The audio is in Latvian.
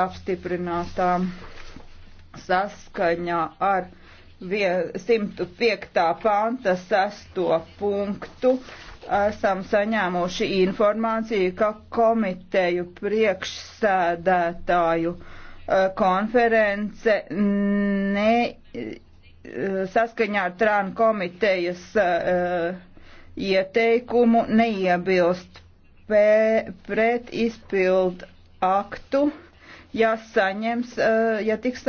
apstiprinātām saskaņā ar 105. panta 6. punktu. Esam saņēmuši informāciju, ka komiteju priekšsēdētāju e, konference ne, e, saskaņā ar Trānu komitejas e, ieteikumu neiebilst pret izpildu aktu ja saņems, eh, ja tiks